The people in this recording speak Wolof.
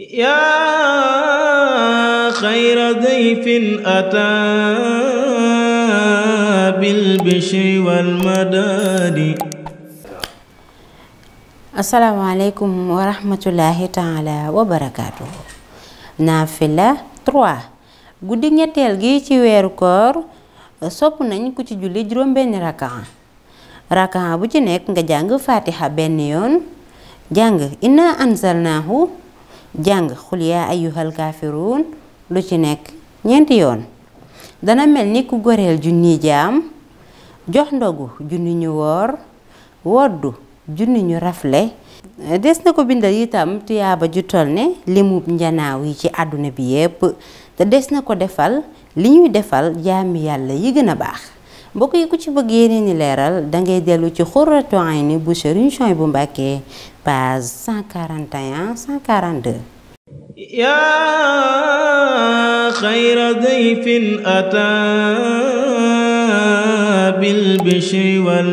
yaa xayra dayfin ataa bil bishri wal madaadi asalaamaaleykum wa rahmatullahi taala wa barakaatu. naafila 3 guddi ñetteel gi ci weeru koor sopp nañ ku ci julli juróom benn rakaa rakaa bu ci nekk nga jàng faatiha benn yoon jàng inna anzalnaahu jàng xul yaa ayyuhal kaafiruun lu ci nekk ñeenti yoon dana mel ni ku goreel junni jaam jox ndogu junni ñu woor woddu junni ñu rafle des na ko bindal itam tuyaaba ju tol ne limub njanaaw yi ci àdduna bi yépp te des na ko defal li ñuy defal jaami yàlla yi gën a baax mbokk yi ku ci bëgg yeneen leeral da ngay dellu ci xurratu ayni bu Serigne Souhaïbou Mbacké page 141 142 yaa xayra dayfin ataa bil bishri wal